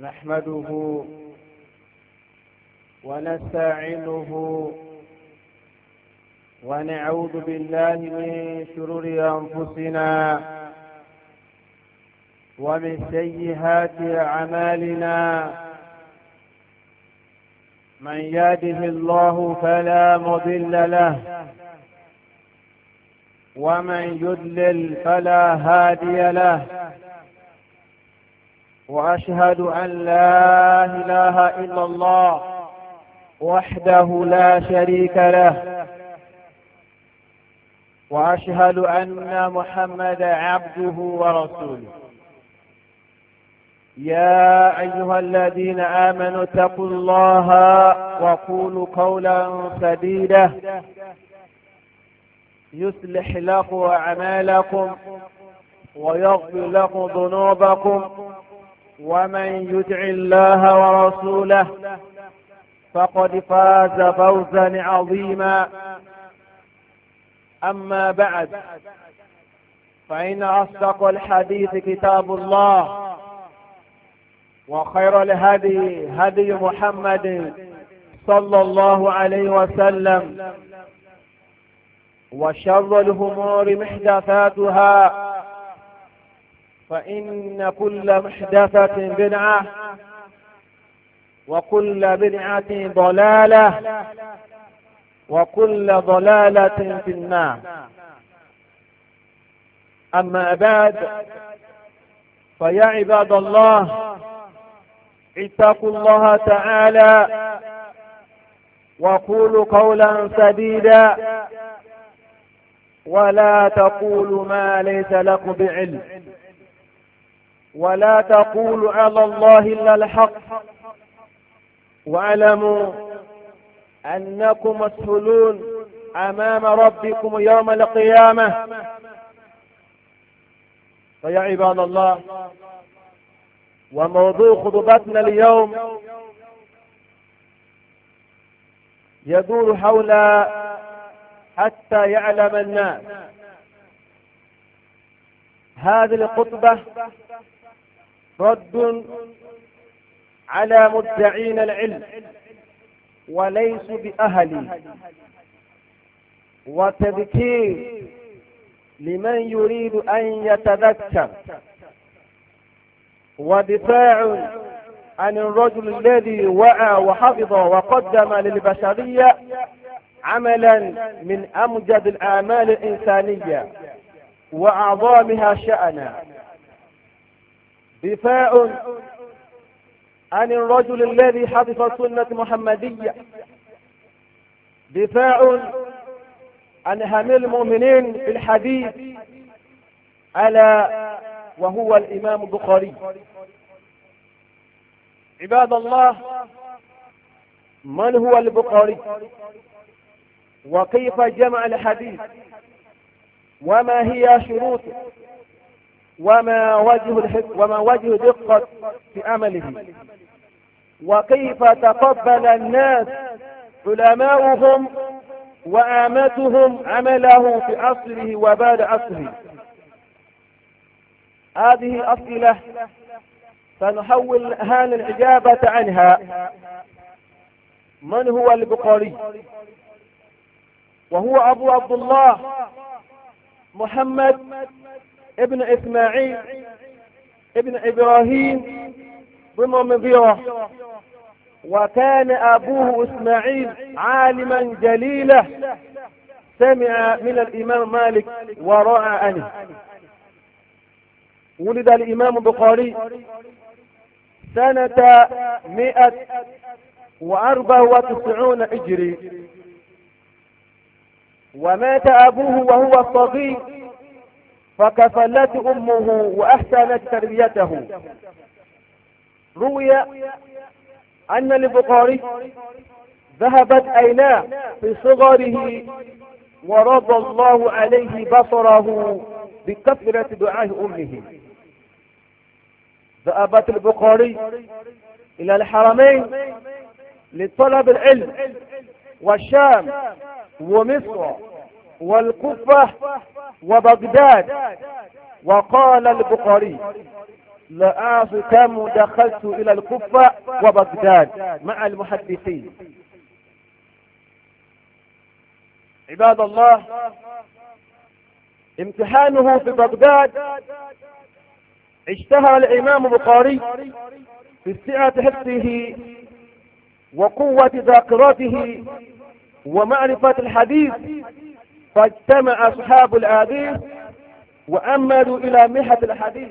نحمده ونستعينه ونعوذ بالله من شرور أنفسنا ومن سيئات أعمالنا من يهده الله فلا مضل له ومن يدلل فلا هادي له وأشهد أن لا إله إلا الله وحده لا شريك له وأشهد أن محمد عبده ورسوله يا أيها الذين آمنوا اتقوا الله وقولوا قولا سديدا يصلح لكم أعمالكم ويغفر لكم ذنوبكم ومن يدع الله ورسوله فقد فاز فوزا عظيما أما بعد فإن أصدق الحديث كتاب الله وخير الهدي هدي محمد صلى الله عليه وسلم وشر الهمور محدثاتها فإن كل محدثة بدعة وكل بدعة ضلالة وكل ضلالة في النار أما بعد فيا عباد الله اتقوا الله تعالى وقولوا قولا سديدا ولا تقولوا ما ليس لكم بعلم ولا تقولوا على الله إلا الحق واعلموا أنكم مسؤولون أمام ربكم يوم القيامة فيا عباد الله وموضوع خطبتنا اليوم يدور حول حتى يعلم الناس هذه الخطبة رد على مدعين العلم وليسوا بأهل وتذكير لمن يريد أن يتذكر ودفاع عن الرجل الذي وعى وحفظ وقدم للبشرية عملا من أمجد الأعمال الإنسانية وأعظمها شأنا دفاع عن الرجل الذي حفظ سنة محمدية دفاع عن هم المؤمنين في الحديث ألا وهو الإمام البخاري عباد الله من هو البخاري وكيف جمع الحديث وما هي شروطه وما وجه وما وجه دقة في عمله وكيف تقبل الناس علماؤهم وآمتهم عمله في عصره وبعد عصره هذه أسئلة سنحول الآن الإجابة عنها من هو البخاري وهو أبو عبد الله محمد ابن إسماعيل ابن إبراهيم بن مضيرة وكان أبوه إسماعيل عالما جليلا سمع من الإمام مالك ورأى أنه ولد الإمام البخاري سنة مئة وأربعة وتسعون إجري ومات أبوه وهو صغير فكفلت أمه وأحسنت تربيته روي أن البخاري ذهبت عيناه في صغره ورضى الله عليه بصره بكثرة دعاء أمه ذهبت البخاري إلى الحرمين لطلب العلم والشام ومصر والقفة وبغداد وقال البخاري لا أعرف كم دخلت إلى القفة وبغداد مع المحدثين عباد الله امتحانه في بغداد اشتهر الإمام البخاري في سعة حفظه وقوة ذاكرته ومعرفة الحديث فاجتمع أصحاب الحديث وأملوا إلى محة الحديث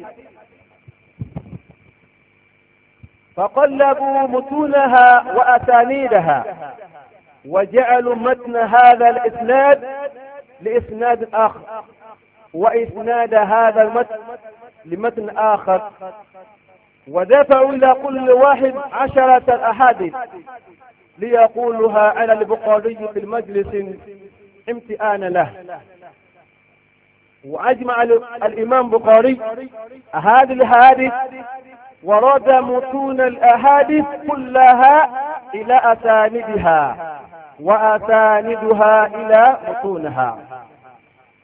فقلبوا متونها وأسانيدها وجعلوا متن هذا الإسناد لإسناد آخر وإسناد هذا المتن لمتن آخر ودفعوا إلى كل واحد عشرة أحاديث ليقولها على البخاري في المجلس امتئان له وأجمع الإمام بخاري هذه الأحاديث ورد متون الأحاديث كلها إلى أساندها وأساندها إلى متونها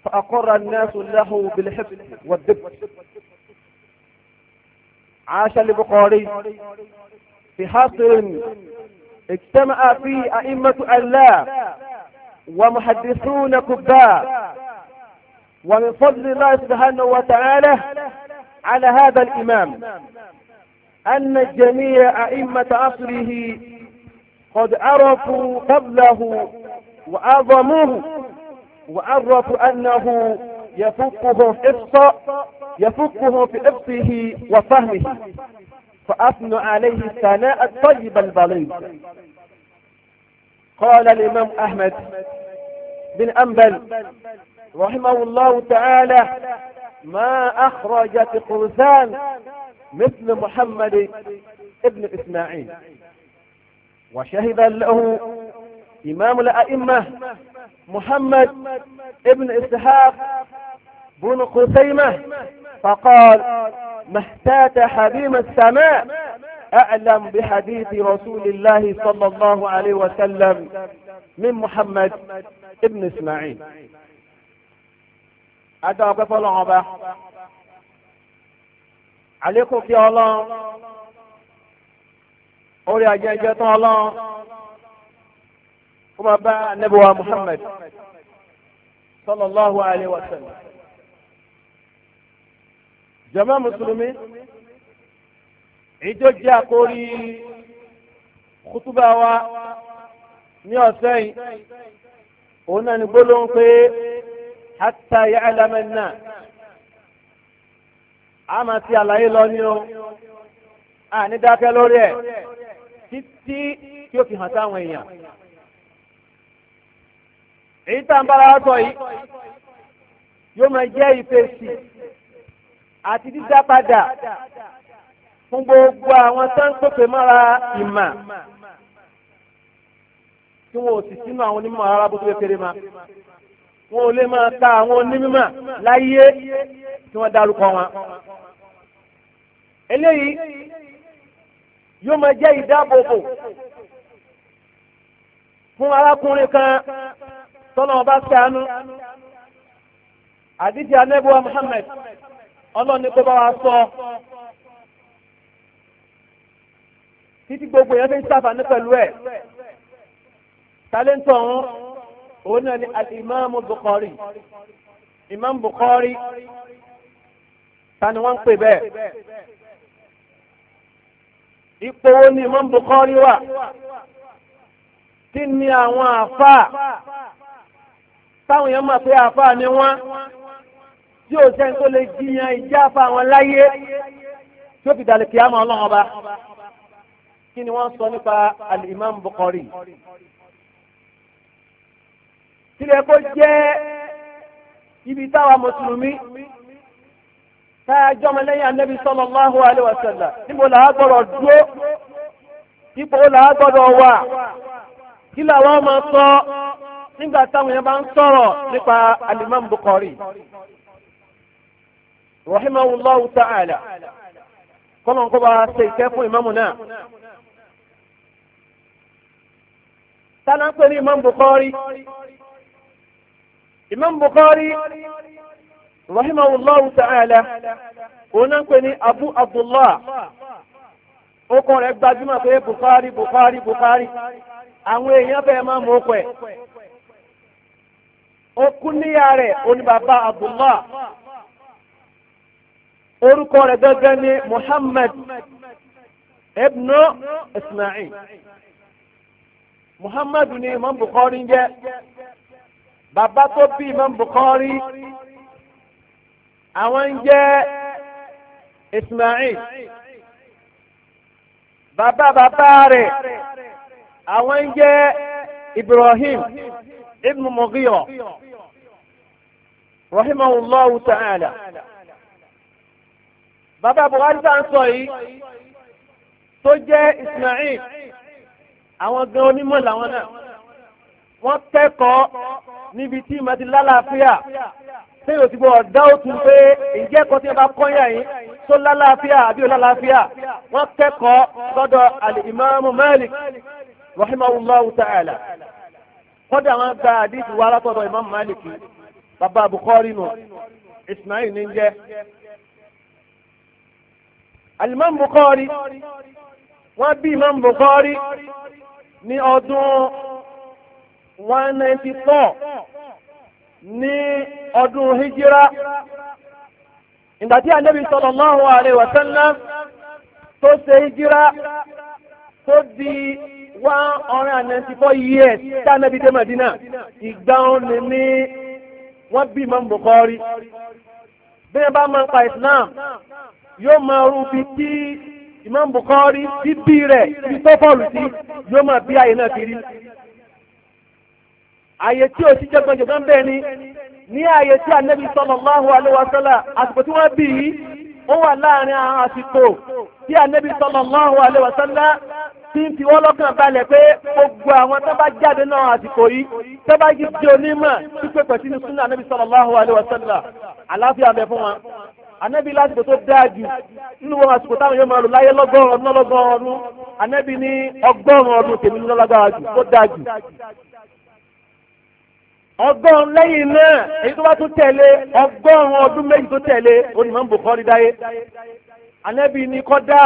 فأقر الناس له بالحفظ والدب عاش البخاري في حصر اجتمع فيه أئمة الله ومحدثون كباء ومن فضل الله سبحانه وتعالى على هذا الإمام أن جميع أئمة عصره قد عرفوا فضله وأعظموه وعرفوا أنه يفكهم إفصاء يفكهم في إفصه وفهمه فأثنوا عليه الثناء الطيب البليغ قال الإمام أحمد بن أنبل رحمه الله تعالى ما أخرجت قرثان مثل محمد ابن إسماعيل وشهد له إمام الأئمة محمد ابن إسحاق بن قسيمة فقال ما حبيب السماء أعلم بحديث رسول الله صلى الله عليه وسلم من محمد ابن إسماعيل أدعو كفل عليكم في الله أولي أجنجة الله وما باع نبوة محمد صلى الله عليه وسلم جماعة مسلمين èyí tó jẹ́ àkórí kútúbà wa ní ọ̀sẹ̀ yìí òun náà ní gbólóhùn pé hatta ya'lama an-nas a máa ti àlàyé lọ ní o a ní dákẹ́ lórí ẹ̀ títí tí ó fi hàn sáwọn èèyàn èyí tá à ń bára sọ yìí yóò máa jẹ́ ìfèsì àti dídá padà fún gbogbo àwọn tó mọ́ra ìmà tí wọn sì sínú àwọn onímọ̀ rárá bó tó kéré ma wọn ò lè máa ta àwọn onímọ̀ láyé tí wọ́n dárúkọ wọn. eléyìí yóò máa jẹ́ ìdáàbòbò kan tọ́nà ọba sànú àdíjì anẹ́bùwà muhammed kó bá wa sọ. títí gbogbo èèyàn fi ń sàfàní pẹ̀lú ẹ̀ tálẹ́ńtọ̀ wọn òun náà ni alimami Bukhari Imam Bukhari ta ni wọ́n ń pè bẹ́ẹ̀ ipò wo ni Imam Bukhari wà kí ni àwọn àfáà táwọn èèyàn mọ̀ pé àfáà ni wọ́n tí ò lè jiyàn ìjà àfáà wọn láyé tí fi dàlẹ́ kí á mọ ọlọ́run ọba kí ni wọ́n sọ nípa al-Imam Bukhari tilẹ̀ kó jẹ́ ibi táwa mùsùlùmí táyàjọ́ ọmọlẹ́yìn anabi sallallahu alaihi wasallam níbo làá gbọ́dọ̀ dúró ipò làá gbọ́dọ̀ wà kí làwọn máa sọ nígbà táwọn yẹn bá ń sọ̀rọ̀ nípa al-Imam Bukhari rahimahullahu ta'ala kọ́nà kó bá ṣe ìkẹ́ fún ìmáàmù náà. tánà ń pè ní Imam Bukhari Imam Bukhari rahimahullahu ta'ala òun náà ń pè ní Abu Abdullah okùn rẹ̀ gbajúmọ̀ pé Bukhari Bukhari Bukhari àwọn èèyàn fẹ́ẹ́ máa mú okùn ẹ̀ okùn níyà rẹ̀ oníbàbá Abdullah orúkọ rẹ̀ gẹ́gẹ́ ní Muhammad ibnu Ismail. muhammadu ni imam bukhari ń Baba tó imam bukhari awon ń ismail Baba Baba rẹ̀ àwọn ń ibrahim ibn mughira rahimahullahu ta'ala Baba buhari ta à ń sọ ismail. àwọn gan onímọ̀ làwọn náà wọ́n kẹ́kọ̀ọ́ níbi tí ìmọ̀ ti lálàáfíà sẹ́yìn òsì gbọ́ ọ̀dá òtún pé ìjẹ́ kan tí wọ́n bá kọ́yà yín tó lálàáfíà àbí ò lálàáfíà wọ́n kẹ́kọ̀ọ́ lọ́dọ̀ al-Imam Malik rahimahullahu ta'ala kọ́dà wọn gba àdìsí wa látọ̀dọ̀ Imam Malik bàbá Bukhari nù Ismail ní jẹ́ al Bukhari wọ́n bí Imam Bukhari ní ọdún 194 ní ọdún hijira ìgbàtí Ànábì sallallahu alaihi wa sallam tó ṣe hijira tó di 194 years tí Ànábì dé Madina ìgbà òní ní wọ́n bí Imam Bukhari bí wọ́n bá máa ń pa Islam yóò máa rú bí kí. Imam Bukhari bíbí rẹ̀ bí sọ́fọ̀lù sí yóò máa bí ààyè náà ti rí. Ààyè tí ò sí jẹ́gbọ́njẹ̀gbọ́n bẹ́ẹ̀ ni ní ààyè tí Ànábì sallallahu alaihi wasallam àsìkò tí wọ́n bí yìí ó wà láàrin àwọn àsìkò tí Ànábì sallallahu alaihi wasallam tí ń fi wọ́n lọ́kàn balẹ̀ pé gbogbo àwọn tó bá jáde náà àsìkò yìí tó bá jí di onímọ̀ tí pé pẹ̀sí ní súnà Ànábì sallallahu alaihi wasallam àláfíà bẹ fún wọn anabi lásìkò tó dáa jù nínú wọn àsìkò táwọn yóò máa lò láyé lọ́gọ́rùn ọdún lọ́gọ́rùn ọdún anabi ní ọgọ́rùn ọdún tèmi ní lọ́lágbára jù tó dáa jù. ọgọ́rùn lẹ́yìn náà èyí tó bá tún tẹ̀lé ọgọ́rùn ọdún méjì tó tẹ̀lé onímọ̀ ń bò kọ́ ní dáyé. anabi ní kọ́dà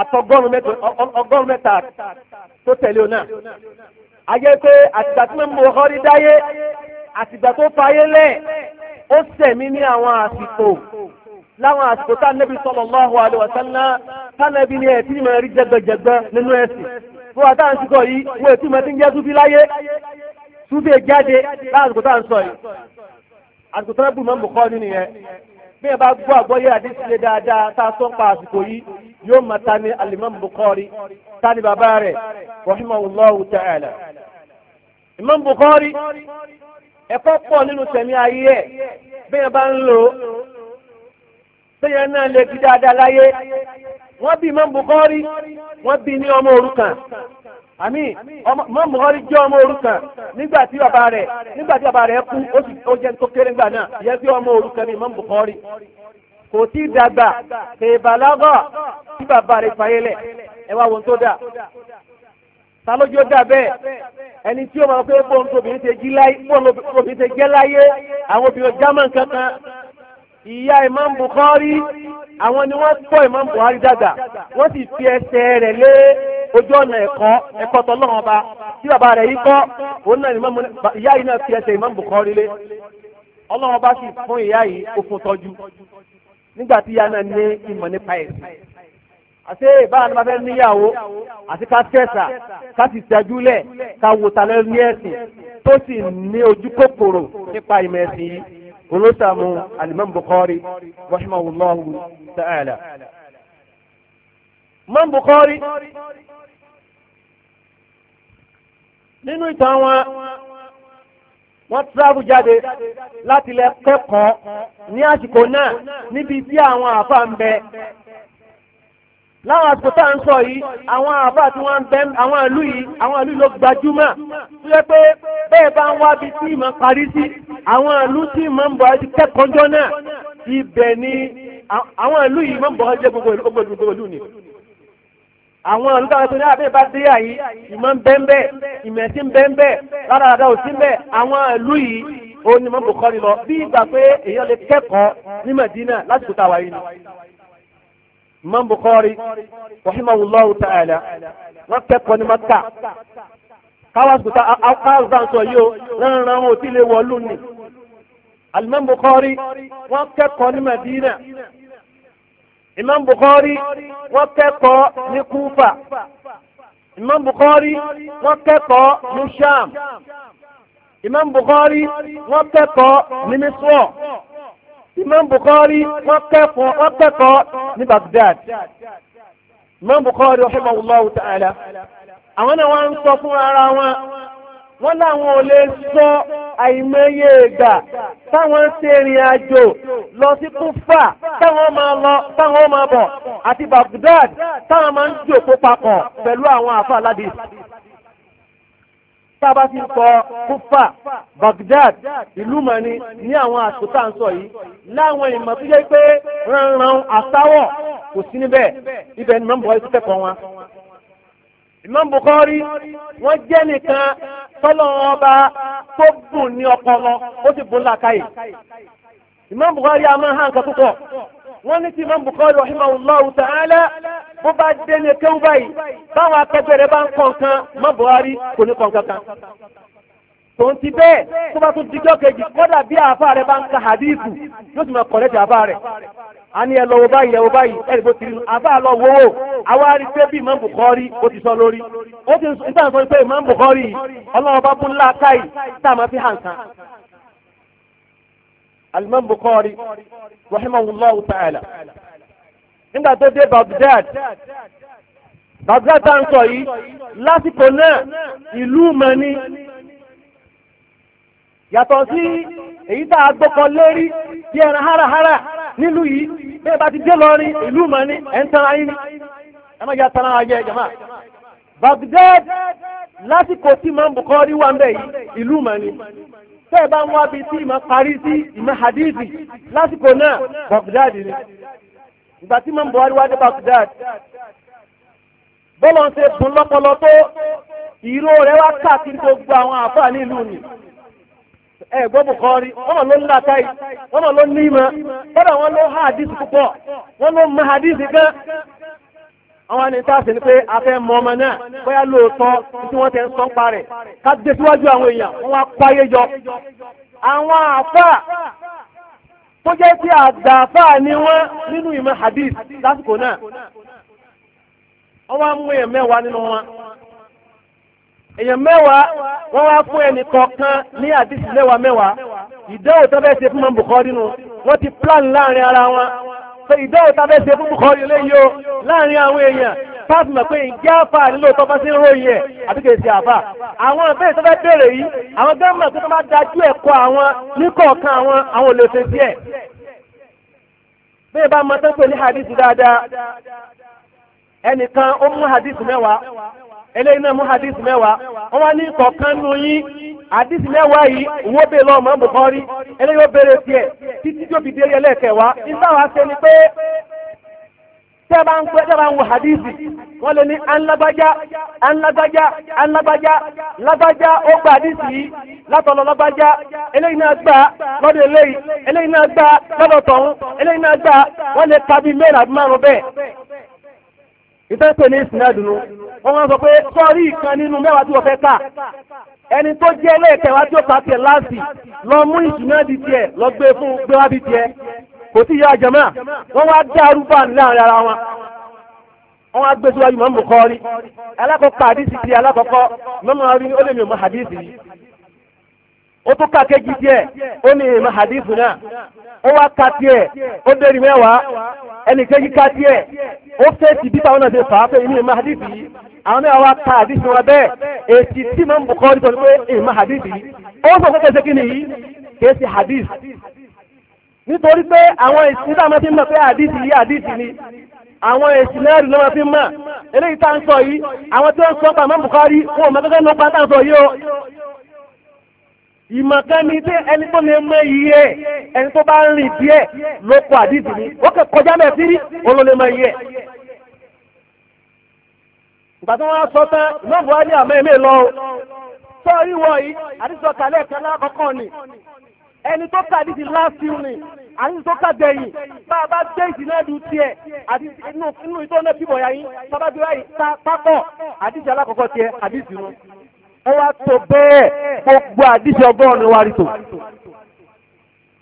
àtọgọ́rùn mẹ́ta tó tẹ̀lé ọ̀nà. ajẹ́ pé àtìgbà tí ń bò kọ́ ní láwọn àsìkò tá nẹ́bí sallallahu alaihi wasallam tánẹ́bí ni ẹ̀ tí mà rí jẹgbẹjẹgbẹ nínú ẹ̀sìn fún wa táà ń sìkọ̀ yìí wọ́n ètí mà ti ń jẹ́ súfì láyé súfì jáde láàsìkò táà ń sọ yìí àsìkò tó ń bù mọ́ Bukhari nìyẹn bí ẹ bá gbọ́ àgbọ́yé àdísílẹ̀ dáadáa tá a sọ ń pa àsìkò yìí yóò máa ta ni alimami Bukhari ta ni bàbá rẹ̀ rahimahullahu ta'ala imam Bukhari ẹ̀kọ́ pọ̀ nínú tẹ̀mí ayé ẹ̀ bí ẹ bá ń lò sẹ́yìn náà lè fi dáadáa láyé wọ́n bí Imam Bukhari wọ́n bí ní ọmọ òrukàn àmì Imam Bukhari jẹ́ ọmọ òrukàn nígbà tí bàbá rẹ̀ nígbà tí bàbá rẹ̀ kú ó sì ó jẹ́ tó kéré ńgbà náà yẹ bí ọmọ òrukàn ní Imam Bukhari kò tí dàgbà kèébàlágà tí bàbá rẹ̀ fàyẹlẹ̀ ẹ wá wọn tó dà talójó dà bẹ́ẹ̀ ẹni tí ó máa pé bóun tóbi ní ti jẹ́ láyé àwọn obìnrin german kankan ìyá imam bukhari àwọn ni wọn kọ imam buhari dada wọ́n sì fi ẹsẹ̀ rẹ̀ lé ojú ọ̀nà ẹ̀kọ́ ẹ̀kọ́ tọ́lọ́run ọba tí bàbá rẹ̀ yìí kọ́ òun náà ni ìyá yìí náà fi ẹsẹ̀ imam bukhari lé ọlọ́run ọba sì fún ìyá yìí ó tọ́jú nígbà tí ìyá náà ní ìmọ̀ nípa ẹ̀sìn àti báwa ni ma fẹ́ níyàwó àti ká kẹsà ká sì tẹ́júlẹ̀ ká wòtalẹ́ ní ẹ̀sìn tó sì ní ojú kòkòrò nípa ìmọ̀ ẹ̀sìn yìí. olótàmù alimam Bukhari الله تعالى imam Bukhari nínú ìtàn wọn wọ́n tíráàbù jáde láti lè kẹ́kọ̀ọ́ ní àsìkò náà níbi tí àwọn àfa ń bẹ láwọn àsìkò ń sọ yìí àwọn àbá tí wọ́n ń bẹ́ àwọn ìlú yìí àwọn ìlú ló gbajúmọ̀ tó yẹ pé bẹ́ẹ̀ bá ń wábi tí ìmọ̀ parí sí àwọn ìlú tí ìmọ̀ ń bọ̀ ẹ́ ti kẹ́kọ̀ọ́jọ́ náà ibẹ̀ ni àwọn ìlú yìí mọ̀ ń bọ̀ ẹ́ jẹ́ gbogbo ìlú ni àwọn olùkọ́ tó ní àbẹ́ bá dé àyí ìmọ̀ ń bẹ́ńbẹ́ ń bẹ́ńbẹ́ rárára ò sí bẹ́ẹ̀ àwọn ìlú yìí ó ní mọ́ Imam Bukhari rahimahullahu ta'ala wọ́n kẹ́kọ̀ọ́ ní Maka káwàsùkúta akáwàsùkúta yìí ó ránran wọn ò tí lè wọlú ni Imam Bukhari wọ́n kẹ́kọ̀ọ́ ní Madina Imam Bukhari wọ́n kẹ́kọ̀ọ́ ní Kufa Imam Bukhari wọ́n kẹ́kọ̀ọ́ ní Sham Imam Bukhari wọ́n kẹ́kọ̀ọ́ ní Misra. Imam Bukhari wọ́n kẹ́kọ̀ọ́ ní Baghdad Imam Bukhari rahimahullahu ta'ala àwọn náà wọ́n ń sọ fún ara wọn wọ́n láwọn ò lè sọ àìmọye ìgbà táwọn ń ṣe ìrìn àjò lọ sí Kúfà táwọn máa lọ táwọn máa bọ̀ àti Baghdad táwọn máa ń jòkó papọ̀ pẹ̀lú àwọn àfa aládìsí tába ti kọ kúfà Baghdad ìlú mọ̀ni ní àwọn àtúntà ń sọ yìí láwọn ìmọ̀ tó jẹ́ pé ránran àsáwọ̀ kò sí níbẹ̀ ibẹ̀ ni mọ̀nbọ̀ yìí ti kẹ́kọ̀ọ́ wọn. Imam Bukhari wọ́n jẹ́ nìkan tọ́lọ́ ọba tó bùn ní ọpọlọ ó sì bùn làkàyè. Imam Bukhari a máa hàn kan púpọ̀ wọ́n ní tí Imam Bukhari rahimahullahu ta'ala bó bá dé ní kéwú báyìí báwọn akẹgbẹ́ rẹ̀ bá ń kọ̀ nǹkan Imam Bukhari kò ní kọ̀ nǹkan kan. tòun ti bẹ́ẹ̀ tó bá tún dijọ́ kejì kọ́dà bí àáfà rẹ̀ bá ń ka hadithu yóò sì máa kọ̀ lẹ́tì àáfà rẹ̀. a ní ẹ lọ wo báyìí ẹ wo báyìí ẹ lè bó ti rí nu lọ wo wò àwa rí pé bí Imam Bukhari ó ti sọ lórí ó ti ń sọ pé Imam Bukhari ọlọ́run bá bú ńlá káyì tá a máa fi hàn kan alimami Bukhari rahimahullahu ta'ala nígbà tó dé Baghdad Baghdad tá à ń sọ yìí lásìkò náà ìlú mani yàtọ̀ sí èyí tá a gbọ́kọ lérí bí ẹran hárahára nílùú yìí bẹ́ẹ̀ bá ti dé lọ́rin ìlú mani ẹ̀ ń tan ayé ni ẹ má jẹ́ tan ara jẹ jama Baghdad. lásìkò tí Imam Bukhari wà ń bẹ̀ yìí ìlú tẹ́ bá ń wá bíi tí ìmọ̀ parí sí ìmọ̀ hadithi náà Baghdad ni ìgbà tí Imam Bukhari wá dé Baghdad bọ́lọ̀ ń ṣe bùn lọ́pọlọ tó ìró rẹ̀ wá káàkiri gbogbo àwọn àfáà ní ìlú ni ẹ gbọ́ wọ́n ló ń wọ́n ló ní ìmọ̀ ló àwọn ẹni tá a sì ní pé a fẹ́ mọ ọmọ náà bóyá lóòótọ́ tí wọ́n tẹ̀ ń sọ pa rẹ̀ ká dé síwájú àwọn èèyàn wọ́n wá páyé jọ. àwọn àfà tó jẹ́ tí àdàfà ni wọ́n nínú ìmọ̀ hadith lásìkò náà wọ́n wá mú èèyàn mẹ́wàá nínú wọn. èèyàn mẹ́wàá wọ́n wá fún ẹnì kọ̀ọ̀kan ní hadith mẹ́wàá mẹ́wàá ìdáwò tó bẹ́ẹ̀ ṣe fún mọ́ Bukhari nínú wọ́n ti plan láàrin ara wọn so ìbẹ́rẹ̀ ta fẹ́ ṣe fún Bukhari eléyìí o láàrin àwọn èèyàn pàtó mọ̀ pé ìjẹ́ àfà nílò tó bá sí ròyìn ẹ̀ àti kèsì àfà àwọn ìbéèrè tó fẹ́ béèrè yìí àwọn gọ́ọ̀mọ̀ tó máa dájú ẹ̀kọ́ àwọn níkọ̀ọ̀kan àwọn àwọn olóṣèlú díẹ̀ bẹ́ẹ̀ bá mọ tó pè ní hadith dáadáa ẹnìkan ó mú hadith mẹ́wàá eléyìí náà mú hadith mẹ́wàá wọ́n wá ní kọ̀ọ̀kan nù yín àdìsí mẹ́wàá yìí wọ́n bèèrè lọ́wọ́ mọ́ Bukhari eléyìí ó bèèrè tiẹ̀ títí tí ó fi dérí ẹlẹ́ẹ̀kẹwàá nígbà wàá ṣe ni pé tẹ́ bá ń pẹ́ tẹ́ bá ń wo àdìsí wọ́n lè ní anlágbájá anlágbájá anlágbájá lágbájá ó gba àdìsí yìí látọ̀lọ́ lágbájá eléyìí náà gbà lọ́dọ̀ eléyìí eléyìí náà gbà lọ́dọ̀ tọ̀hún eléyìí náà gbà wọ́n lè ka bíi mẹ́rin àbí márùn-ún bẹ́ẹ̀ ìfẹ́ pè ní ìsìnàdùnú wọ́n máa ń sọ pé sọ́ọ́rí ìkan nínú mẹ́wàá tí wọ́n fẹ́ kà ẹni tó jẹ́ ẹlẹ́ẹ̀kẹwàá tí ó pa tiẹ̀ lọ mú ìṣúná di tiẹ̀ lọ gbé e fún gbé wá bí tiẹ̀ kò sí jama wọ́n wá dá arúgbó láàrin ara wọn wọ́n wá gbé síwájú mọ́ Bukhari alákọ̀ọ́kọ́ àdìsí ti alákọ̀ọ́kọ́ rí ó lè mi mọ́ àdìsí yìí ó tún ká kéjì díẹ̀ ó ní ìmọ̀ hadithu náà ó wá ká díẹ̀ ó mẹ́wàá ẹnì kéjì ká àwọn mẹ́wàá wá ka àdìsí wa bẹ́ẹ̀ èsì tí mọ̀ ń bùkọ́ ní pẹ̀lú pé ìmọ̀ àdìsí yìí ó sọ pé kẹsẹ̀ kí ni yìí kìí ṣe àdìsí nítorí pé àwọn èsì tá a máa fi mọ̀ pé àdìsí yìí àdìsí ni àwọn èsì náà rí ló máa fi mọ̀ eléyìí tá à ń sọ yìí àwọn tí ó ń sọ pàmò bùkọ́ rí wọn ò mọ kẹ́kẹ́ ló pa tá à sọ yìí o ìmọ̀kánni tí ẹni tó lè mọ iye ẹni tó bá ń rìn díẹ̀ ló kọ àdìsí ni ó kẹ ìgbà tí wọ́n sọ tán ìmọ̀bù wa ní àmọ́ èmi lọ o sọ ìwọ yìí àdìsọ kàlẹ́ ẹ̀kan lákọ̀ọ́kọ́ ni ẹni tó kà ní ti last ni àti tó kà gbẹ̀yìn bá a bá gbé ìdílẹ́dù tiẹ̀ àti inú inú ìtọ́ náà bíbọ̀ ya yín bàbá bí wáyé pápọ̀ àdìsí alákọ̀ọ́kọ́ tiẹ̀ àdìsí nu ẹ wá tó bẹ́ẹ̀ gbogbo àdìsí ọgọ́rùn wa rí tò.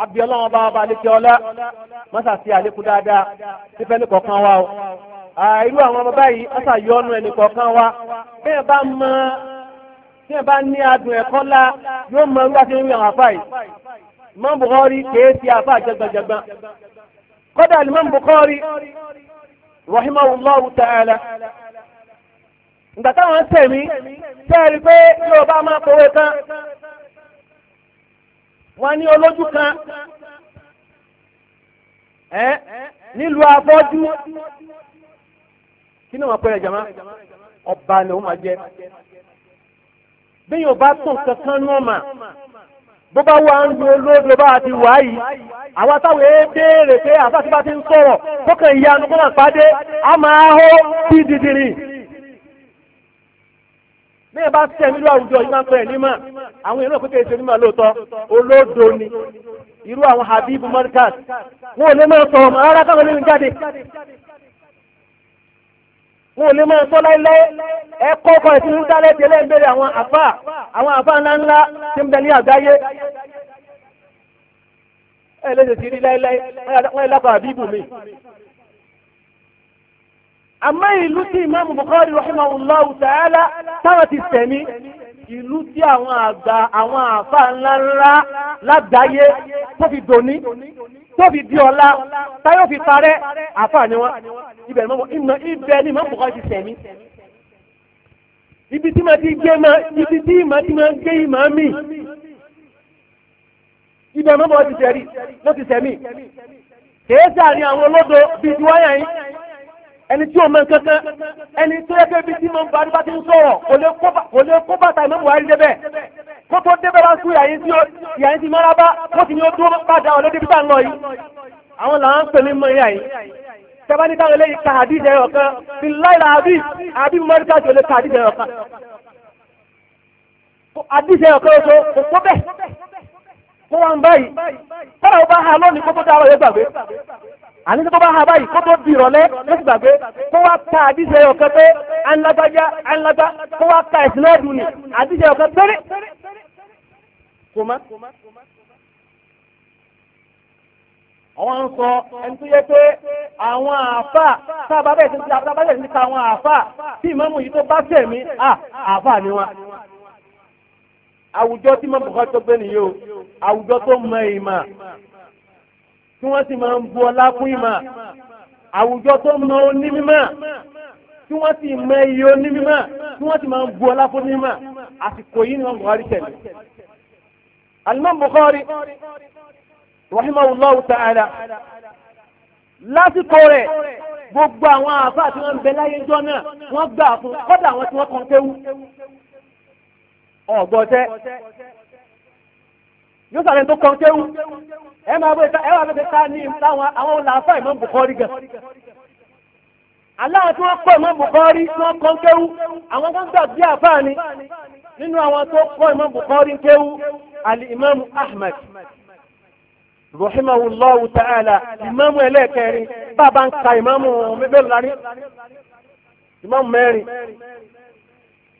abiyọlọ́wọ́n bá bá lékè ọlá mọ́sà sí àlékún dáadáa sífẹ́ ní kọ̀ọ̀kan wa o. irú àwọn ọmọ báyìí ọ̀sà yọ ọ́nù ẹnì kọ̀ọ̀kan wa bẹ́ẹ̀ bá mọ bẹ́ẹ̀ bá ní adùn ẹ̀kọ́ la yóò mọ irú àti irú àwọn àfáà yìí. Imam kèé sí àfáà jẹgbẹjẹgbọn. kódà Imam Bukhari rahimahullahu ta'ala. ìgbà sẹ̀mí sẹ́ẹ̀rí pé yóò bá máa kọ̀wé kan wọ́n ní olójú kan ẹ nílùú kí ni wọ́n pẹ́rẹ́ jama ọba ni òun máa jẹ bí yóò tún kankan náà mà bó bá wà ń lo olóòdó bá ti wà yìí àwọn táwọn èébéèrè pé ti ń ìyanu kó máa a máa bẹ́ẹ̀ bá tẹ̀ nínú àwùjọ yìí máa ń pẹ́ nímọ̀ àwọn èèyàn òkúta èso nímọ̀ lóòótọ́ olódo ni irú àwọn Habibu Markaz wọn ò lè máa sọ ọmọ rárá káwọn lè jáde wọn ò lè máa sọ láíláí ẹ̀kọ́ kan ìsinmi ń dálẹ́ tẹ́lẹ̀ ń bẹ̀rẹ̀ àwọn àfà àwọn àfà ńláńlá tí ń bẹ ní àgbáyé ẹ̀ lè ṣèṣì rí láíláí wọ́n yẹ lápá Habibu mi àmọ́ ìlú tí ìmáàmù Bukhari rahimahullahu ta'ala táwọn ti sẹ̀mí ìlú tí àwọn àgbà àwọn àfa ńláńlá lágbàáyé tó fi dòní tó fi di ọ̀la táyọ̀ fi parẹ́ àfa ni wọn ibẹ̀ ni ìmáàmù Bukhari ti sẹ̀mí ibi tí ma ti gé ma ibi tí ma ti ma gé ìmá mi ibi àmọ́ bọ́ ti sẹ̀mí kèé sàárín àwọn olódo bíi ti wáyà yín ẹni tí o mọ kankan ẹni tó yẹ kébi tí mo ń bari bá ti ń sọ̀rọ̀ kò lè kó bàtà ìmọ̀ buhari débẹ̀ kó tó débẹ̀ wá sí ìyàyín tí ìyàyín ti mọ́ra bá kó sì ní o dúró padà ọ̀lẹ́ débi tá à ń lọ yìí àwọn là ń pè mí mọ ìyàyín tẹ́bá ní káwọn eléyìí ka hadith ẹ̀yọ̀ kan fi láìla àbí àbí mọ́ríkà jò lè ka hadith ẹ̀yọ̀ kan hadith ẹ̀yọ̀ kan oṣù kò tó bẹ́ẹ̀ kó wá ń báyìí kọ́ra ó bá ha lónìí kó tó dá ọ àní tó bá ha báyìí kó tó di ìrọ̀lẹ́ ló ti gbàgbé kó wá ka àdíṣe ọ̀kan pé alágbájá alágbá kó wá ka ẹ̀sìn náà dùn ní àdíṣe ọ̀kan péré kò má. àwọn ń sọ ẹni tó yẹ pé àwọn àáfà tá a bá bẹ̀rẹ̀ sí ta bá àwọn àáfà tí ìmáàmù yìí tó bá tẹ̀ mí àáfà ni wọn. àwùjọ tí mọ̀ bùkọ́ tó gbé nìyí o àwùjọ tó mọ ìmọ̀ tí wọ́n sì máa ń bu ọlá fún ìmọ̀ àwùjọ tó mọ oní mímọ̀ tí wọ́n sì mọ iye oní mímọ̀ tí wọ́n sì máa ń bu ọlá fún mímọ̀ àsìkò yìí ni wọ́n Buhari tẹ̀lé. Al-Imam Bukhari ta'ala lásìkò rẹ̀ gbogbo àwọn àfáà tí wọ́n ń bẹ láyé jọ náà wọ́n gbà fún kọ́dà àwọn tí wọ́n kàn kéwú ọ̀gbọ́tẹ́ yóò sàrẹ́ tó kàn kéwù ẹ máa bẹ ẹ wà bẹ ká ní táwọn àwọn làáfà ìmọ̀ bùkọ́rí gan. aláwọ̀ tí wọ́n kọ́ ìmọ̀ bùkọ́rí tí wọ́n kàn kéwù àwọn tó ń gbà bí àfáà ni nínú àwọn tó kọ́ ìmọ̀ bùkọ́rí kéwù àlì ìmáàmù Ahmad rahimahu llahu ta'ala ìmáàmù ẹlẹ́ẹ̀kẹrin bàbá ń ka ìmáàmù mẹ́bẹ̀rẹ̀ ìmáàmù mẹ́rin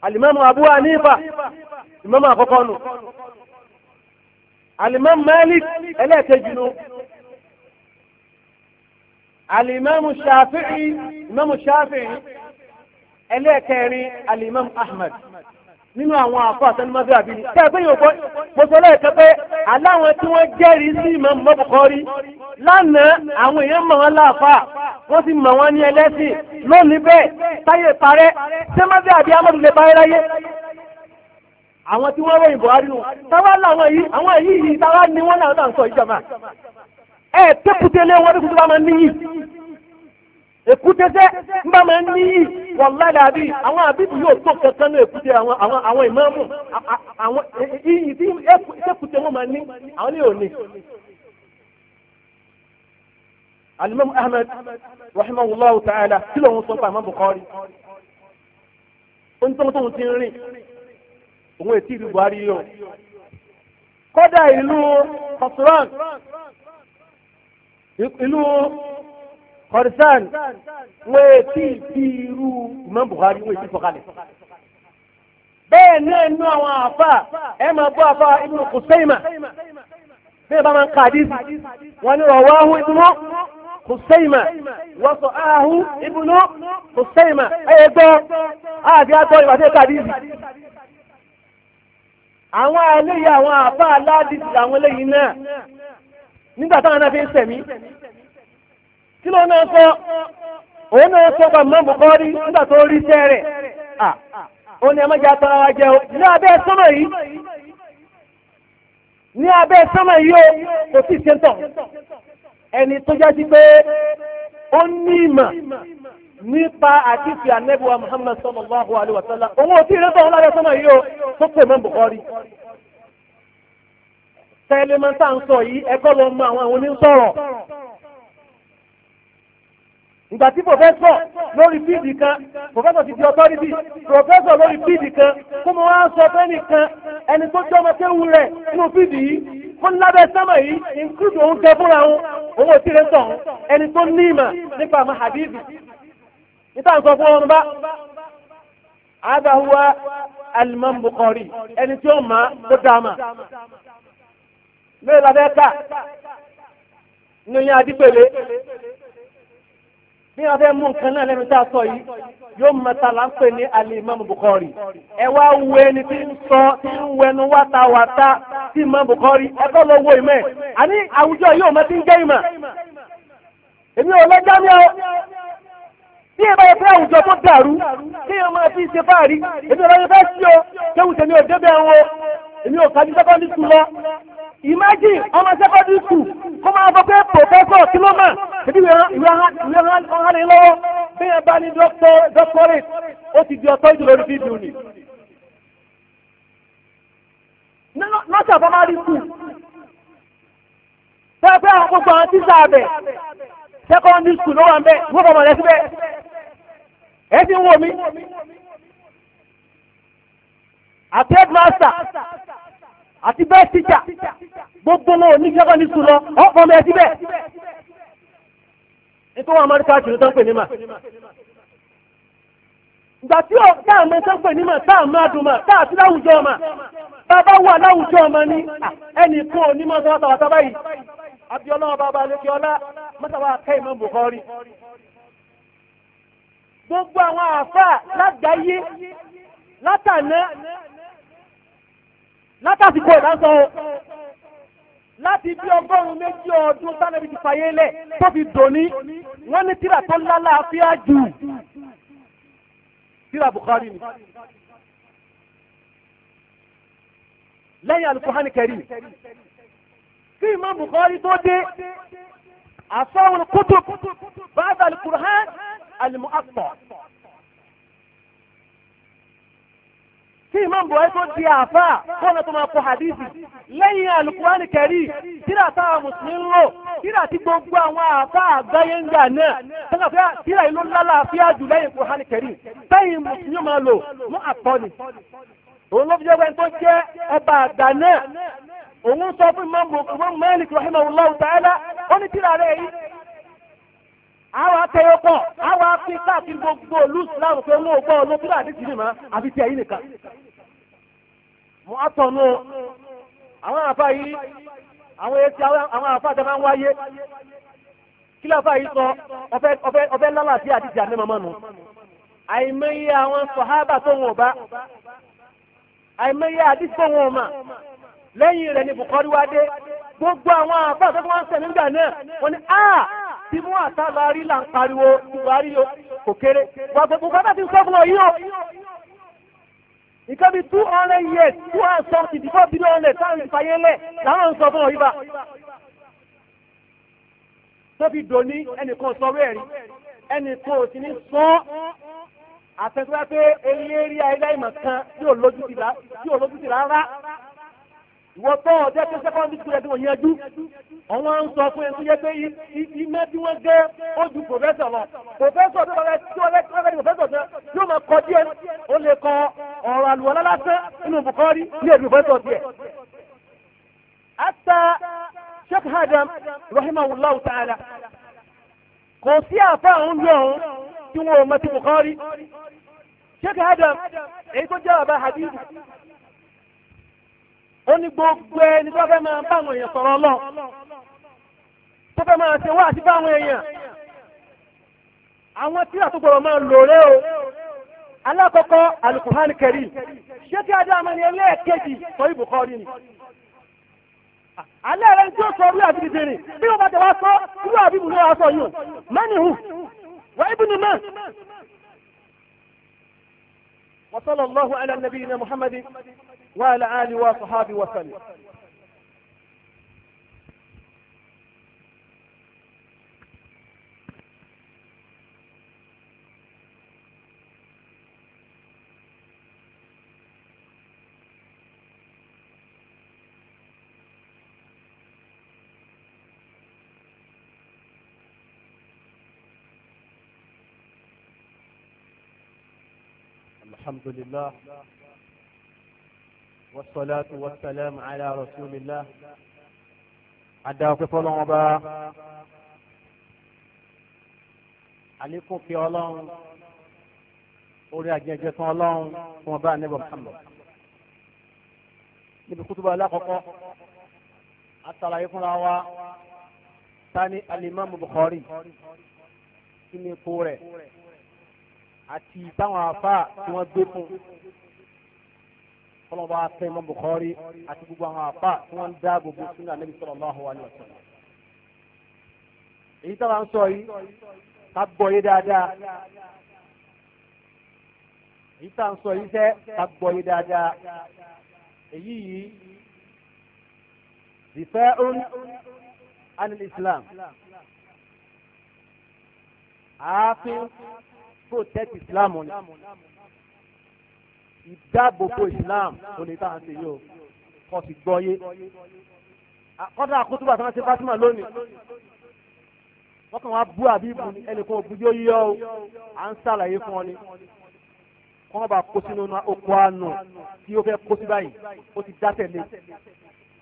alimami abu hanifa ìmáàmù àkọ́kọ́ nù alimam malik ẹlẹ́ẹ̀kejì nu alimamu shafi'i imamu shafi'i ẹlẹ́ẹ̀kẹrin alimamu ahmed nínú àwọn àfọ àtẹnumọ́sí àbí ni. Ṣé ẹgbẹ́ yóò gbọ́? Mo sọ lẹ́ẹ̀kẹ́ pé aláwọn tí wọ́n jẹ́rìí sí ìmọ̀ mọ́bùkọ́rí. Lánàá àwọn èèyàn mọ̀ wọ́n láàfà, wọ́n sì mọ̀ wọ́n ní ẹlẹ́sìn. Lónìí bẹ́ẹ̀ táyé parẹ́, ṣé àbí Amadu lè láyé? àwọn tí wọ́n ròyìn Buhari nù táwa làwọn yìí àwọn yìí ni wọ́n náà náà sọ ìjọba ẹ tẹkùtẹlẹ wọn ní kùtù bá máa ń níyì èkútẹ́sẹ́ ń bá máa ń níyì àbí àwọn àbíbù yóò kankan ní èkúté àwọn àwọn àwọn ìmáàmù àwọn iyì tí èkúté wọn máa ní àwọn ní òní. alimam ahmed ta'ala kí lóun sọ àmọ́ ó ń òun ètí ìlú buhari yìí o kódà ìlú kọsùrán ìlú kọrìsán wọn ètí ìfi irú ìmọ̀ buhari wọn ètí fọkalẹ̀ bẹ́ẹ̀ náà nú àwọn àfa ẹ máa bọ́ àfa ibn Khuzaimah bẹ́ẹ̀ bá máa ń ka àdísì wọn ni rawahu ibn Khuzaimah wa sa'ahu ibn Khuzaimah ẹ̀yẹ gbọ́ àti àtọ́ ìbàdí ka àdísì. àwọn eléyìí àwọn àbá aládìsí làwọn eléyìí náà nígbà náà fi ń kí ló náà sọ òun náà sọ pa mọ́ bùkọ́rí nígbà tó rí iṣẹ́ rẹ̀ ó ní ẹmọ́jà tọ́ra wa jẹ́ o ní abẹ́ sọ́mọ̀ yìí ní o kò sí nípa àkíkì anẹ́bùwa muhammad sallallahu alaihi wa sallam òun ò tí ìrẹ́ sọ̀rọ̀ lábẹ́ sọ́mọ̀ yìí o tó pè mọ́ bùkọ́rí. tẹlẹmọ́tà ń sọ yìí ẹ̀kọ́ ló mọ àwọn àwọn onísọ̀rọ̀. ìgbà tí pòfẹ́sọ̀ lórí fíìdì kan pòfẹ́sọ̀ ti di ọtọ́rìtì pòfẹ́sọ̀ lórí fíìdì kan kó mo wá sọ fẹ́nì kan ẹni tó jọ́ ọmọ kéwu rẹ̀ nínú fíìdì yìí kó lábẹ́ sọ́mọ̀ yìí include òun kẹ fúnra òun òun ò tí ìrẹ́ sọ̀rọ̀ ẹni tó ní ìmọ̀ nípa àmọ́ hadith níta sọ fún ọrùn bá abahuwa alimam Bukhari ẹni tí ó mà kó dáa mà mẹ́rin labẹ́ ká ní oyin adígbèlé bí wọn fẹ́ mú nǹkan náà lẹ́nu tá a sọ yìí yóò mẹ́ta là ń pè ní alimam Bukhari ẹ wá wo ẹni tí ń sọ tí ń wẹnu wátawàta tí Imam ẹ kọ́ lọ wo ìmọ̀ àní àwùjọ yóò mọ ń jẹ́ ìmọ̀ èmi ò lọ jámíà o tí ẹ bá yẹ pé àwùjọ tó dàrú kí ẹ máa fi ṣe fáàrí èmi ọ̀rọ̀ yẹn fẹ́ sí o kéwù tèmi ò débẹ̀ wọn èmi ò kájú secondary school lọ. imagine ọmọ secondary school kó máa bọ́ pé professor kí ló mà ṣèbí ìwé ọ̀hán ni lọ́wọ́ bí ẹ bá ní doctorate ó ti di ọ̀tọ̀ ìdúró lórí fídíò ni. lọ́sàbọ̀ máa rí kù. pẹ́ẹ́pẹ́ àwọn gbogbo àwọn tíṣà bẹ̀. secondary school ló wà ń bẹ wọ́n kọ̀ mọ̀ síbẹ̀ ẹ ti ń wò mí àti headmaster àti best teacher gbogbo wọn ò ní secondary school lọ ọ̀pọ̀ mọ̀ ẹ síbẹ̀ nítorí wọn amẹ́ríkà a tó ń pè ní tí láwùjọ bàbá wà láwùjọ ẹnì kan báyìí abiola ọba ọba lókè ọlá mọ́tàbá ká ìmọ̀ bùkọ́rí. gbogbo àwọn àfà lágbàáyé látàná látàsìkò ìdánsọ o láti bí ọgọ́rùn-ún méjì ọdún tánàbí ti fàyè lẹ̀ tó fi dòní wọ́n ní tíra tó lálàáfíà jù tíra bùkọ́rí ni. lẹ́yìn alukuhani kẹrin kí Imam Bukhari tó dé àsọ̀rọ̀ kutub bàbá alukur'an alimu'atta kí Imam Bukhari tó di àfà kọ́nà tó máa kọ hadithi lẹ́yìn alukur'an kẹrí kíra táwọn mùsùlùmí ń lò kíra tí gbogbo àwọn àfà àgbáyé ń gbà náà tẹ́lá fẹ́ kíra ìlú lálá àfíà jù lẹ́yìn alukur'an kẹrí sẹ́yìn mùsùlùmí máa lò mú àtọ́ni òun ló fi jẹ́ wẹ́n tó jẹ́ ọba àgbà náà òun sọ fún imam malik rahimahullahu ta'ala ó ní tíra rẹ̀ yìí àwọn akẹyọ pọ̀ àwọn afíríkà àti gbogbo olú islam pé wọn ò gbọ́ ọ ló tíra àdìsí nìmọ̀ àfi tí nìkan. mo á tọ̀ nù àwọn àfa yìí àwọn etí àwọn àfa àti wáyé kí yìí sọ lẹ́yìn rẹ̀ ni Bukhari wá dé gbogbo àwọn àbá àtọ́jú wọn ń sẹ̀ nígbà náà wọ́n ní a ti mú àtàlà rí là ń pariwo Bukhari yo kò kéré wà pé Bukhari ti sọ fún ọ yìí o nǹkan bíi two hundred years two hundred something before billion hundred táwọn ìfàyè lẹ̀ làwọn ń sọ fún ọ yìí bá tó fi dò ní ẹnìkan sọ wẹ́ẹ̀rí ẹnìkan ò sì ní sán àtẹ̀síwá pé eléré ìmọ̀ kan tí lójú ti rárá ìwọ tó ọjọ́ pé secondary school ẹbí wọ́n yẹjú àwọn ń sọ fún ẹni pé iná tí wọ́n gẹ́ ó ju professor lọ professor tó lọ́lẹ́ tí wọ́n lẹ́ tí wọ́n lẹ́ professor tán yóò máa kọ díẹ̀ ó lè kọ ọ̀rọ̀ àlùwọ̀lá lásán nínú bukọ́rí ní èdè professor tiẹ̀. ata sheikh adam rahimahullahu ta'ala kò sí ó ní gbogbo ẹni tó fẹ́ máa bá àwọn èèyàn sọ̀rọ̀ lọ tó fẹ́ máa ṣe wá àti bá àwọn èèyàn àwọn tí àtúgbọ̀rọ̀ máa lòrẹ́ o alákọ̀ọ́kọ́ alukuhani kẹrin ṣé kí adé àmọ́ ni ẹlẹ́ẹ̀kejì sọ ìbùkọ́rí ni alẹ́ rẹ̀ tí ó sọ orí àbídìdì rìn bí wọ́n bá tẹ̀ wá sọ irú àbíbù ní wàá sọ yìí mẹ́ni hù wà ibi ni mẹ́n. وصلى الله على نبينا محمد وعلى آله وصحابه وسلم الحمد لله والصلاة والسلام على رسول الله أدعوكف الله أبا عليكم في الله orí àjẹjẹ fún ọlọ́run fún ọba àníbọ̀ Muhammad níbi kútùbà alákọ̀ọ́kọ́ àtàlàyé fúnra wa tani alimami Bukhari kí ni ipò rẹ̀ àti táwọn afa tí wọ́n gbé fún tọ́lọ́ba afẹ́ mọ́ Bukhari àti gbogbo àwọn àpá tí wọ́n ń dá gbogbo sínú ànábi sallallahu alaihi wasallam. èyí táwa ń sọ yìí ká gbọ́ yé dáadáa èyí tá à ń sọ yìí sẹ́ ká gbọ́ yé dáadáa èyí yìí dìfẹ́ ń anil Islam àáfin protect Islam ni ìdáàbòbò islam kò ní táwọn ṣe yìí o kò sì gbọ́ yé kọ́dà àkótóbà tí wọ́n ṣe Fatima lónìí wọ́n kàn wá bú àbí ìbù ni ẹnìkan òbújó yíyọ́ o à ń ṣàlàyé fún ọ ni kọ́ wọn bá kó sínú oko àánú tí ó fẹ́ kó sí báyìí ó ti dá tẹ̀lé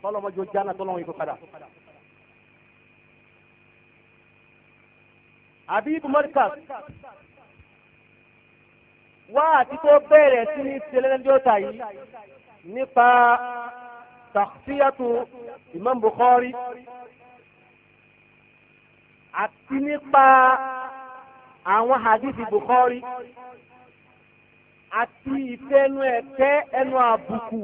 tọ́lọ́mọdé ó jáná tọ́lọ́wọ́n ikú padà. àbí ìbù mọ́ríkà wá àti tó bẹ̀rẹ̀ sí ní tẹlẹ́dẹ́dọ́ta yìí nípa tàkìsíyàtò Imam Bukhari àti nípa àwọn hadithi Bukhari àti ìfẹ́nu ẹ̀tẹ́ ẹnu àbùkù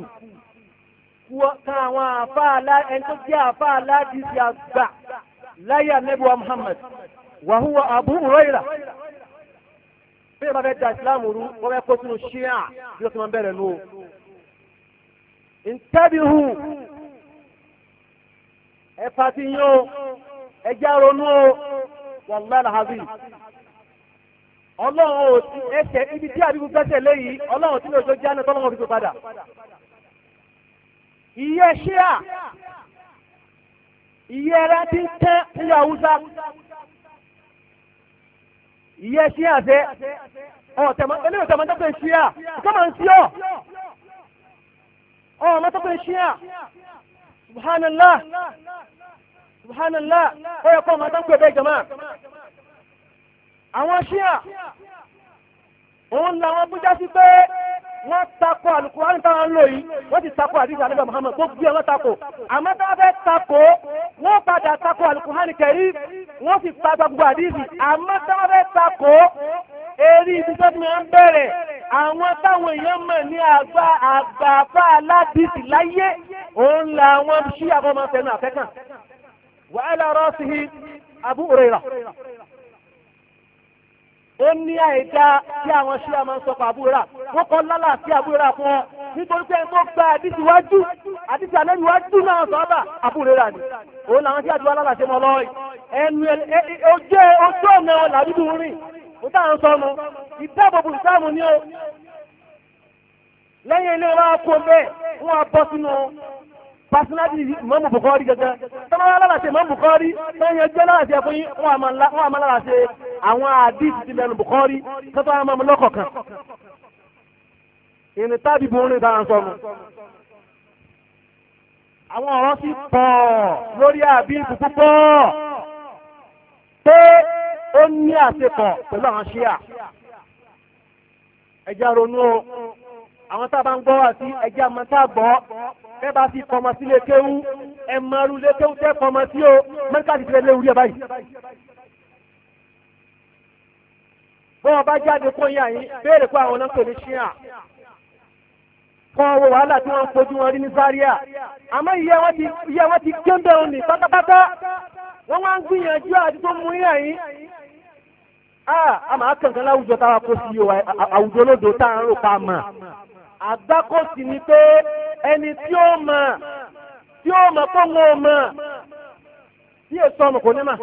kan àwọn àfáàlá ẹni tó jẹ́ àfáàlá di ti àgbà láyé ànábì wa Muhammad Abu Hurairah bí ìbá fẹ́ da ìsìláàmù rú wọ́n fẹ́ kó sínú ṣíà bí wọ́n ti máa ń bẹ̀rẹ̀ lò. ìtẹ́bíhù ẹ pati yín o ẹ já ronú o wàlúwà làhàbì. ọlọ́run ò tí ẹsẹ̀ ibi tí àbíkú gbẹ́sẹ̀ léyìí ọlọ́run tí lóòjó jáná tọ́lọ́run fi gbé padà. ìyẹ́ ṣíà ìyẹ́ rẹ ti ń tẹ́ nílẹ̀ haúsá ìyẹ́ ṣíà ṣe ọ̀tẹ̀mọ́ tẹ́mọ́ tẹ́pẹ́ ṣíà ìkọ́mọ̀ ń ṣíọ̀ ọmọ tẹ́pẹ́ ṣíà subhanallah subhanallah ó yẹ kọ́ ọmọ tẹ́pẹ́ bẹ́ẹ̀ jọmọ́ àwọn ṣíà òun làwọn bújá sí pé wọ́n takò alukurani táwọn ń lò yìí wọ́n ti takò àdìsí àdìsí Muhammad tó gbé wọn takò àmọ́ tá a fẹ́ takò wọ́n padà takò alukurani kẹrí wọ́n sì pa gbogbo àdìsí àmọ́ tá a fẹ́ takò eré ibi tó ti máa ń bẹ̀rẹ̀ àwọn táwọn èèyàn mọ̀ ní àgbà àgbàfà aládìsí láyé òun làwọn ṣí àbọ̀mọ́ àfẹ́kàn wàhálà rọ́ọ̀sì Abu Hurairah ó ní àìdá tí àwọn ṣíà máa ń sọ fún àbúrà wọ́n kọ́ lálà sí àbúrà fún ọ nítorí pé mo gba àdìsí wájú àdìsí àlẹ́ ìwájú náà sọ́ọ́bà àbúrẹ́rà ni òun làwọn tí àdúrà lálà ṣe mọ́ lọ́ọ̀yì ẹnu ojú ojú ọ̀nà làdúdú rìn ó tà ń sọnu ìdáàbòbò ìsáàmù ni ó lẹ́yìn ilé wa kó bẹ́ẹ̀ wọ́n á bọ́ sínú pàṣínàdì mọ́mù bùkọ́rí gẹ́gẹ́ tọ́lá lálàṣẹ mọ́mù bùkọ́rí tó yẹn jẹ́ lálàṣẹ fún yín wọ́n àmà lálàṣẹ àwọn àdìsí ti lẹ́nu bùkọ́rí tọ́tọ́ àmà mọ́ lọ́kọ̀ọ̀kan ìrìn tábì bu orin dáhùn sọnù àwọn ọ̀rọ̀ sì pọ̀ lórí àbí ìbùkún pọ̀ pé ó ní àṣepọ̀ pẹ̀lú àwọn ṣíà ẹja ronú o àwọn tá ń gbọ́ àti ẹja mọ́tà ẹ bá ti fọmọ sí lé kéwú ẹ máa ru lé kéwú fọmọ sí o mẹ́ríkà ti tẹ́lẹ̀ léwu rí ẹ báyìí. bọ́n ọba jáde kó yà yín béèrè pé àwọn ọlọ́pàá ní ṣíà kan wo wàhálà tí wọ́n ń fojú wọn rí ní Zaria àmọ́ ìyá wọn ti ìyá wọn ti kéńbẹ̀ òun ní pátápátá wọ́n wá ń gbìyànjú àti tó mú yà yín. a máa kànkan láwùjọ táwa kó sí àwùjọ lódò tá à ń rò pa mọ̀ àgbákò sí ni pé ẹni tí ó mọ̀ tí ó mọ̀ pé wọn ò mọ̀ tí èso ọmọ kò ní mà.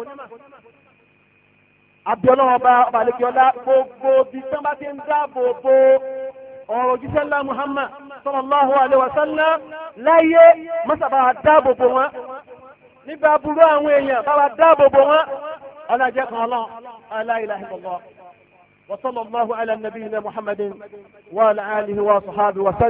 abiola ọba ọba alekiola gbogbo bí sábà ti ń dáàbò bo ọ̀rọ̀ jíṣẹ́ ńlá Muhammad sallallahu alaihi wasallam láyé mọ́sàbà dáàbò bo wọn níbi aburú àwọn èèyàn bàbá dáàbò wọn ọlọ́jẹ́ kan lọ la ilaha illallah wa sallallahu ala nabiyina muhammadin wa ala alihi